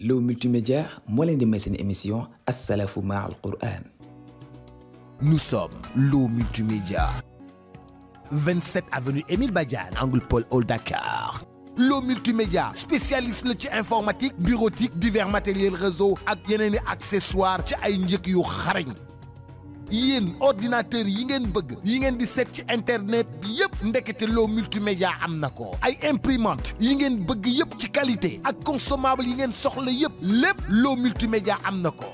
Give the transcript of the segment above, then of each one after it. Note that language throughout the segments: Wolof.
L'eau multimédia moi de di émission Assalafou Ma'al Qur'an nous sommes l'eau multimédia 27 avenue Émile Bajan, angle Paul Oldakar. Dakar l'eau multimédia spécialiste de l'informatique, informatique bureautique divers matériels, réseau et accessoires yéen ordinateur yi ngeen bëgg yi ngeen di ci internet bi yëpp ndekete multimédia am na ko ay imprimante yi ngeen bëgg yépp ci qualité ak consommable yi ngeen soxla yépp lépp loo multimédia am ko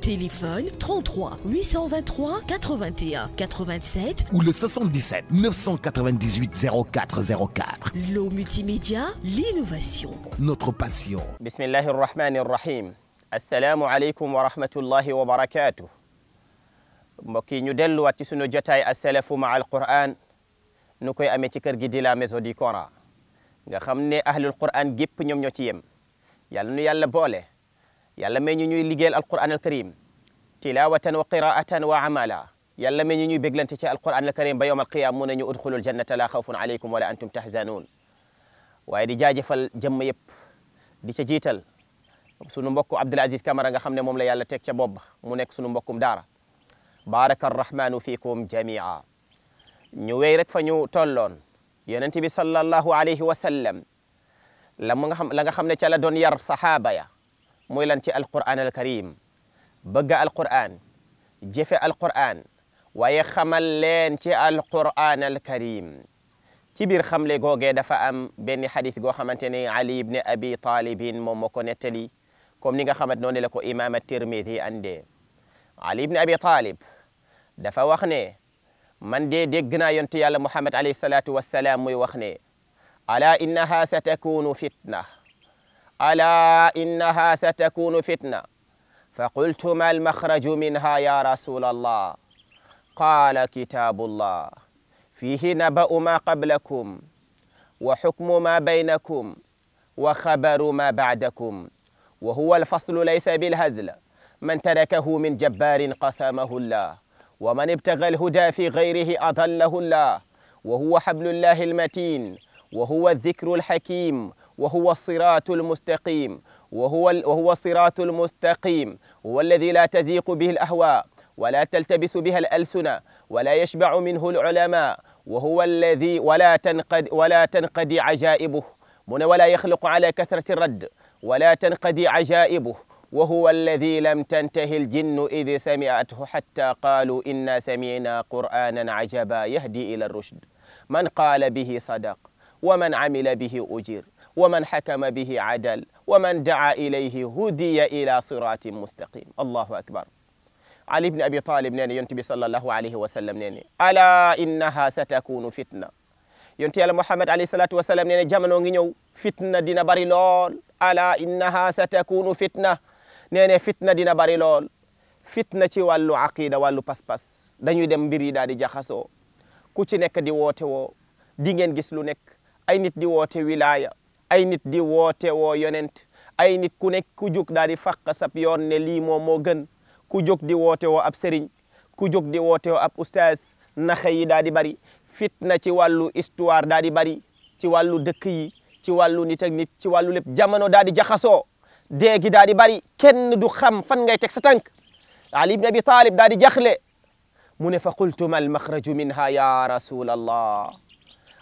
téléphone 33 823 81 87 ou le 77 998 0404. L'eau multimédia, l'innovation. Notre passion. Bismillahir Rahmanir Rahim. Assalamu alaikum wa rahmatullahi wa barakatuh. mbokki ñu delu wat ci sunu jotaay as-salafu ma quran nu koy amé ci kër gi di la maison du Coran nga xamné ahlul quran gep ñom ñoo ci yem yàlla nu yàlla boole yàlla may ñu ñuy liggéel al karim tilawatan wa qiraatan wa amala yàlla may ñu ñuy béglante ci alquran al karim ba yowm al qiyam mu ñu udxulul jannata la xawfun alaykum wala antum tahzanuun waaye di jaajëfal jëmm yëpp di ca jiital sunu mbokku Abdul Aziz nga la yàlla teg ca mu sunu mbokkum daara baraka arrahmanu fikum jamia ñu wéy rek fa ñu tolloon yonent bi sallallahu alayhi wa sallam la mu nga xam la nga xam ne ca la doon yar saxaaba ya muy lan ci alquran al karim bëgga alquran jëfe alquran waaye xamal leen ci alquran al karim ci biir xamle googee dafa am benn xadis goo xamante ne ali ibne abi talibin moom moo ko nettali comme ni nga xamante noonu la ko imam at-tirmidhi andee ali ibne abi talib dafa wax ne man dee dégg naa yontu yàlla muhammad alayhi salaatu wassalaam muy wax ne ala innaha satakunu fitna ala innaha satakunu fitna fa qultu ma almakhraju minha ya rasul allah qala kitabu llah fihi naba'u ma qablakum wa hukmu ma baynakum wa khabaru ma ba'dakum wa huwa alfaslu laysa bilhazl man tarakahu min jabbarin qasamahu llah ومن ابتغى الهدى في غيره أضله الله وهو حبل الله المتين وهو الذكر الحكيم وهو الصراط المستقيم وهو وهو الصراط المستقيم هو الذي لا تزيق به الأهواء ولا تلتبس بها الألسنة ولا يشبع منه العلماء وهو الذي ولا تنقد ولا تنقضي عجائبه من ولا يخلق على كثرة الرد ولا تنقضي عجائبه وهو الذي لم تنته الجن إذ سمعته حتى قالوا إنا سمعنا قرآنا عجبا يهدي إلى الرشد من قال به صدق ومن عمل به أجير ومن حكم به عدل ومن دعا إليه هدي إلى صراط مستقيم الله أكبر علي بن أبي طالب نيني ينتبي صلى الله عليه وسلم نيني ألا إنها ستكون فتنة ينتبي على محمد عليه الصلاة والسلام نيني جمن jamono فتنة دين fitna ألا إنها ستكون فتنة nee ne fitna dina bari lool fitna ci wàllu aqida wàllu pas-pas dañuy dem mbir yi daal di jaxasoo ku ci nekk di woote woo di ngeen gis lu nekk ay nit di woote wilaya ay nit di woote woo yonent ay nit ku nekk ku jóg daal di fàq sab yoon ne lii moo moo gën ku jóg di woote woo ab sëriñ ku jóg di woote woo ab ustaaz naxe yi daal di bari fitna ci wàllu histoire daal di bari ci wàllu dëkk yi ci wàllu ni ak ci wàllu lépp jamono daal di jaxasoo dee gi daal di bari kenn du xam fan ngay teg sa tànk ali ibn abi talib daal di jaxle mu ne fa qultu ma almaxraju minha ya rasul allah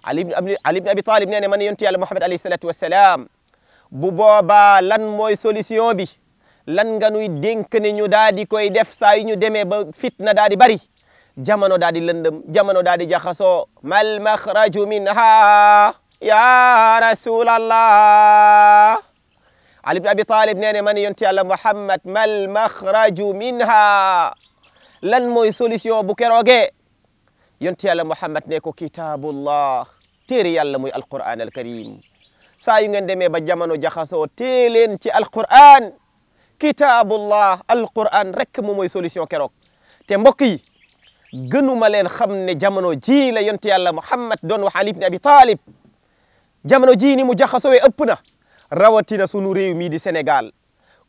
ali ali ibn abi talib nee ne man yonti yàlla muhammad alayhi salatu wassalam bu boobaa lan mooy solution bi lan nga nuy dénk ne ñu daal di koy def saa yu ñu demee ba fitna daal di bari jamono daal di lëndëm jamono daal di jaxasoo mal maxraju minha ya rasul allah ali ibne abi talib nene man yonti allah mouhammad mal mahraju minha lan moye solution bu keroge yonti allah mouhammad ne ko kitabullah téere yàlla moy alquran al karim saa yu ngeen demee ba jamono jaxasoo teeleen ci alquran kitabullah alquran rek moom mooy solution keroog te mbokk yi gënuma leen xam ne jamono ji la yonti yàlla mouhammad doon wax ali ibne abi talib jamono ji ni mu jaxasowee ëpp na rawatina sunu réew mii di Sénégal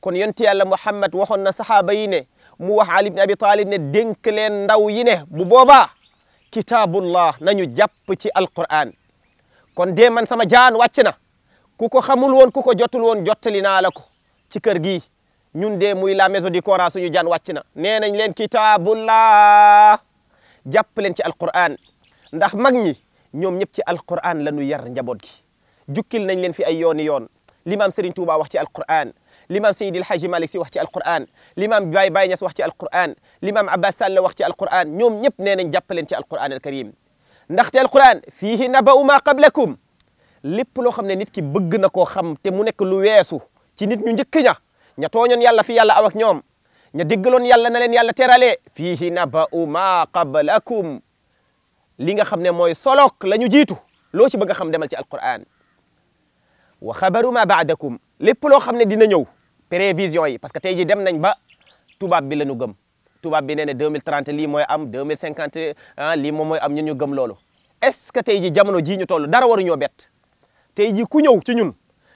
kon yonti yàlla Muhammad waxoon na saxaaba yi ne mu wax Ali ibn Abi Talib ne dénk leen ndaw yi ne bu boobaa kitaabullah nañu jàpp ci alquran kon dee man sama jaan wàcc na ku ko xamul woon ku ko jotul woon jottali naa la ko ci kër gi ñun de muy la maison du Coran suñu jaan wàcc na nee nañ leen kitaabullah jàpp leen ci alquran ndax mag ñi ñoom ñëpp ci alquran la ñu yar njaboot gi jukkil nañ leen fi ay yooni yoon limaam Serigne Touba wax ci alquran limaam Seydi El Hadji Malick Sy wax ci alquran limaam Baye Baye Niass wax ci alquran limaam Abbas Sall wax ci alquran ñoom ñëpp nee nañ jàppaleen ci alquran al karim ndaxte alquran fiihi naba'u ma qablakum lépp loo xam ne nit ki bëgg na koo xam te mu nekk lu weesu ci nit ñu njëkk ña ña tooñoon yàlla fi yàlla aw ak ñoom ña déggaloon yàlla na leen yàlla teralee fiihi naba'u ma qablakum li nga xam ne mooy solok la ñu jitu loo ci bëgg a xam demal ci alquran wa xabaru ma baadakum lépp loo xam ne dina ñëw prévision yi parce que tey jii dem nañ ba tubaab bi la ñu gëm tubaab bi nee na 2030 lii mooy am 2050 ah lii moom mooy am ñun ñu gëm loolu est-ce que tey jii jamono jii ñu toll dara waruñoo bett tey jii ku ñëw ci ñun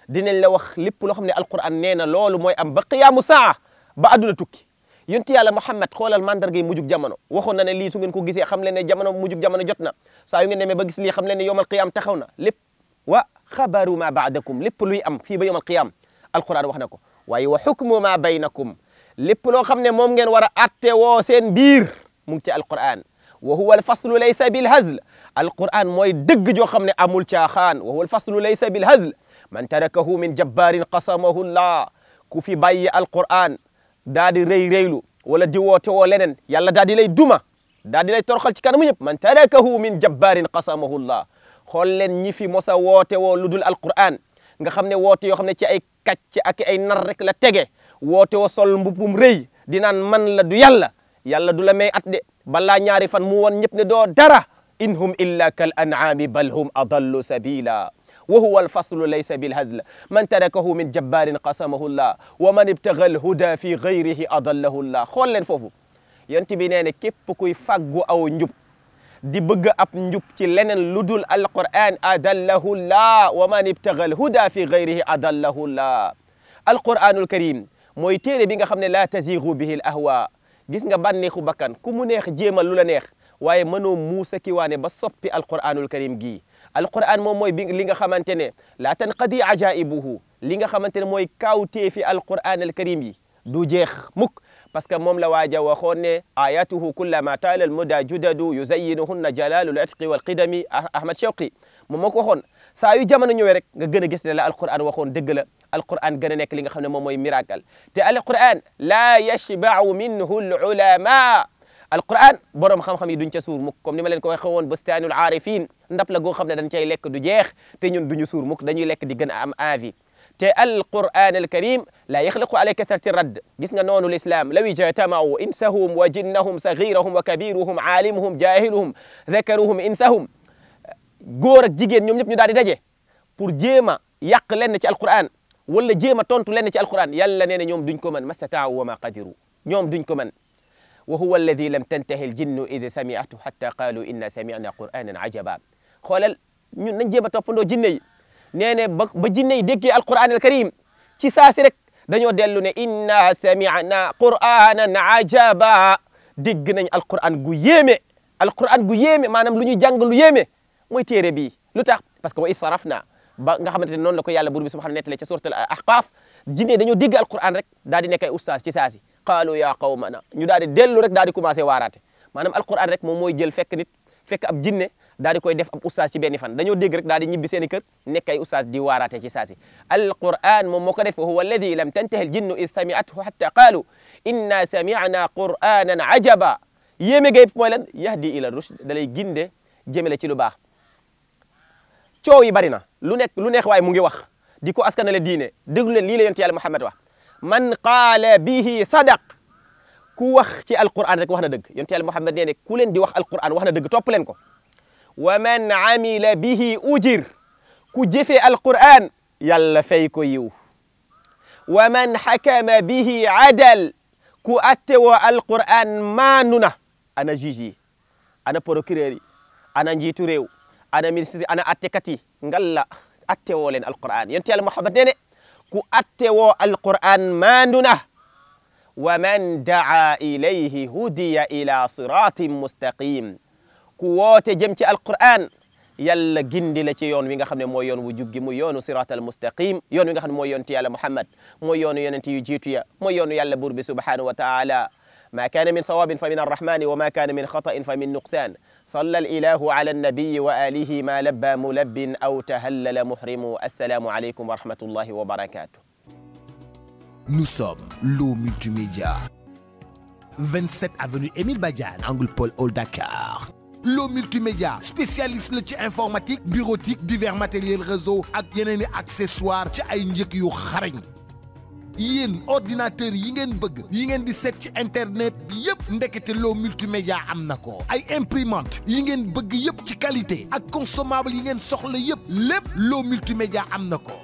dinañ la wax lépp loo xam ne alquran nee na loolu mooy am ba qiyaamu saa ba adduna tukki yonti yàlla Muhammad xoolal mandarga yi mujjug jamono waxoon na ne lii su ngeen ko gisee xam leen ne jamono mujjug jamono jot na saa yu ngeen demee ba gis lii xam leen ne yowmal qiyaam taxaw na lépp wa خبر ما بعدكم لبلوي أم في يوم القيامة القرآن وحنا وايو حكم ما بينكم لبلو خمنا ممكن وراء أتوا سين بير ممتع القرآن وهو الفصل ليس بالهزل القرآن موي دق جو خمنا أمول تاخان وهو الفصل ليس بالهزل من تركه من جبار قصمه الله كفي باي القرآن دادي ري ريلو ولا ديواتي ولنن يلا دادي لي دوما دادي لي ترخل تكان من جبار قصمه الله xool leen ñi fi mos a woote woo lu dul alquran nga xam ne woote yoo xam ne ci ay kàcc ak ay nar rek la tege woote wo sol mbubum rëy di naan man la du yàlla yàlla du la may at de balaa ñaari fan mu woon ñëpp ne doo dara in hum illa kal an'ami bal hum adallu sabila wa huwa alfaslu laysa bilhazl man tarakahu min jabbarin qasamahu llah wa man ibtaga alhuda fi gayrihi adallahu llah xool leen foofu yonent bi nee ne képp kuy fàggu aw njub di bëgg ab njub ci leneen lu dul alquran adallahu llah wa man ibtaga alhuda fi gayrihi adallahu llah alquranul karim mooy téere bi nga xam ne laa bihi al ahwa gis nga bànneexu bakkan ku mu neex jéemal lu la neex waaye mënoo muusa ki ba soppi alquranul karim gi alquran moom mooy li nga xamante ne laa tanqadi ajaibuhu li nga xamante ne mooy kaawtee fi alquranul al karim yi du jeex mukk parce que moom la waaja waxoon ayatuhu kullama taala al muda judadu yuzayinuhunna jalalul itqi wal qidami ahmad shawqi moom moo ko waxoon saa yu jamono ñëwee rek nga gën a gis ne la alquran waxoon dëgg la alquran gën a nekk li nga xam ne moom miracle te alquran laa yashbau minhu al ulama alquran borom xam-xam yi duñ ca suur mukk comme ni ma leen ko waxee woon bustaanul aarifin ndap la goo xam ne dañ cay lekk du jeex te ñun duñu suur القرآن الكريم لا يخلق على كثرة الرد قسنا نون الإسلام لو اجتمعوا إنسهم وجنهم صغيرهم وكبيرهم عالمهم جاهلهم ذكرهم إنسهم غور جيجين نيوم نيب نيو داجي بور جيما ياق لين القران ولا جيما تونتو لين القران يالا نينا نيوم دون ما استطاعوا وما قدروا يوم دون وهو الذي لم تنتهي الجن اذا سمعته حتى قالوا انا سمعنا قرانا عجبا خولال نيو نجيما توب نو nee ne ba ba jinne yi déggee alquran al karim ci saasi rek dañoo dellu ne inna sami'na qur'anan ajaba dégg nañ alquran gu yéeme alquran gu yéeme maanaam lu ñuy jàng lu yéeme mooy téere bi lu tax parce que wa israfna ba nga xamante ne noonu la ko yàlla buur bi subhanahu nettale ca surat al ahqaf jinne dañoo dégg alquran rek daal di nekk ay ustaas ci saasi qaalu ya qawmana ñu daal di dellu rek daal di commencé waaraate maanaam alquran rek moom mooy jël fekk nit fekk ab jinne daal koy def ab oustaz ci benn fan dañoo dégg rek daal di ñibbi seen i kër nekk ay oustaz di waaraate ci saasi alquran moom moo ko def huwa alladi lam tantahi aljinnu is samiathu hatta qaalu inna sami'na qur'anan ajaba yéeme gay mooy lan yahdi ila rushd dalay ginde jëmele ci lu baax coow yi bari na lu nekk lu neex waaye mu ngi wax di ko askanale diine déglu leen lii la yonent yàlla Muhammad wax man qaala bihi sadaq ku wax ci alquran rek wax na dëgg yonent yàlla Muhammad nee ne ku leen di wax alquran wax na dëgg topp leen ko ومن عمل به أجر كجف القرآن يلا فيكو يو ومن حكم به عدل كأتوا القرآن ما ننا أنا جيجي أنا بروكيري أنا نجيتو جيتوريو أنا ميسري أنا أتكتي نقال أتوا لين القرآن ينتهي المحبة ديني كأتوا القرآن ما ننا ومن دعا إليه هدي إلى صراط مستقيم ku woote jëm ci alquran yàlla gindi la ci yoon wi nga xam ne mooy yoon wu jub gi mu yoonu siraatal mustaqim yoon wi nga xam ne mooy yoon ti yàlla muhammad mooy yoonu yonent yu jiitu ya mooy yoonu yàlla buur bi subhanahu wa taala ما كان من صواب فمن الرحمن وما كان من خطأ فمن نقصان صلى الإله على النبي وآله ما لبى ملب أو تهلل محرم السلام عليكم ورحمة الله وبركاته Nous sommes l'eau multimédia. 27 avenue Émile Badian, Angle Paul Hall Dakar. loo multimédia spécialiste le ci informatique bureautique divers matériel réseau ak yeneen accessoires ci ay njëkk yu xarañ yéen ordinateur yi ngeen bëgg yi ngeen di set ci internet bi yëpp ndekete loo multimédia am na ko ay imprimante yi ngeen bëgg yëpp ci qualité ak consommable yi ngeen soxla yëpp lépp loo multimédia am na ko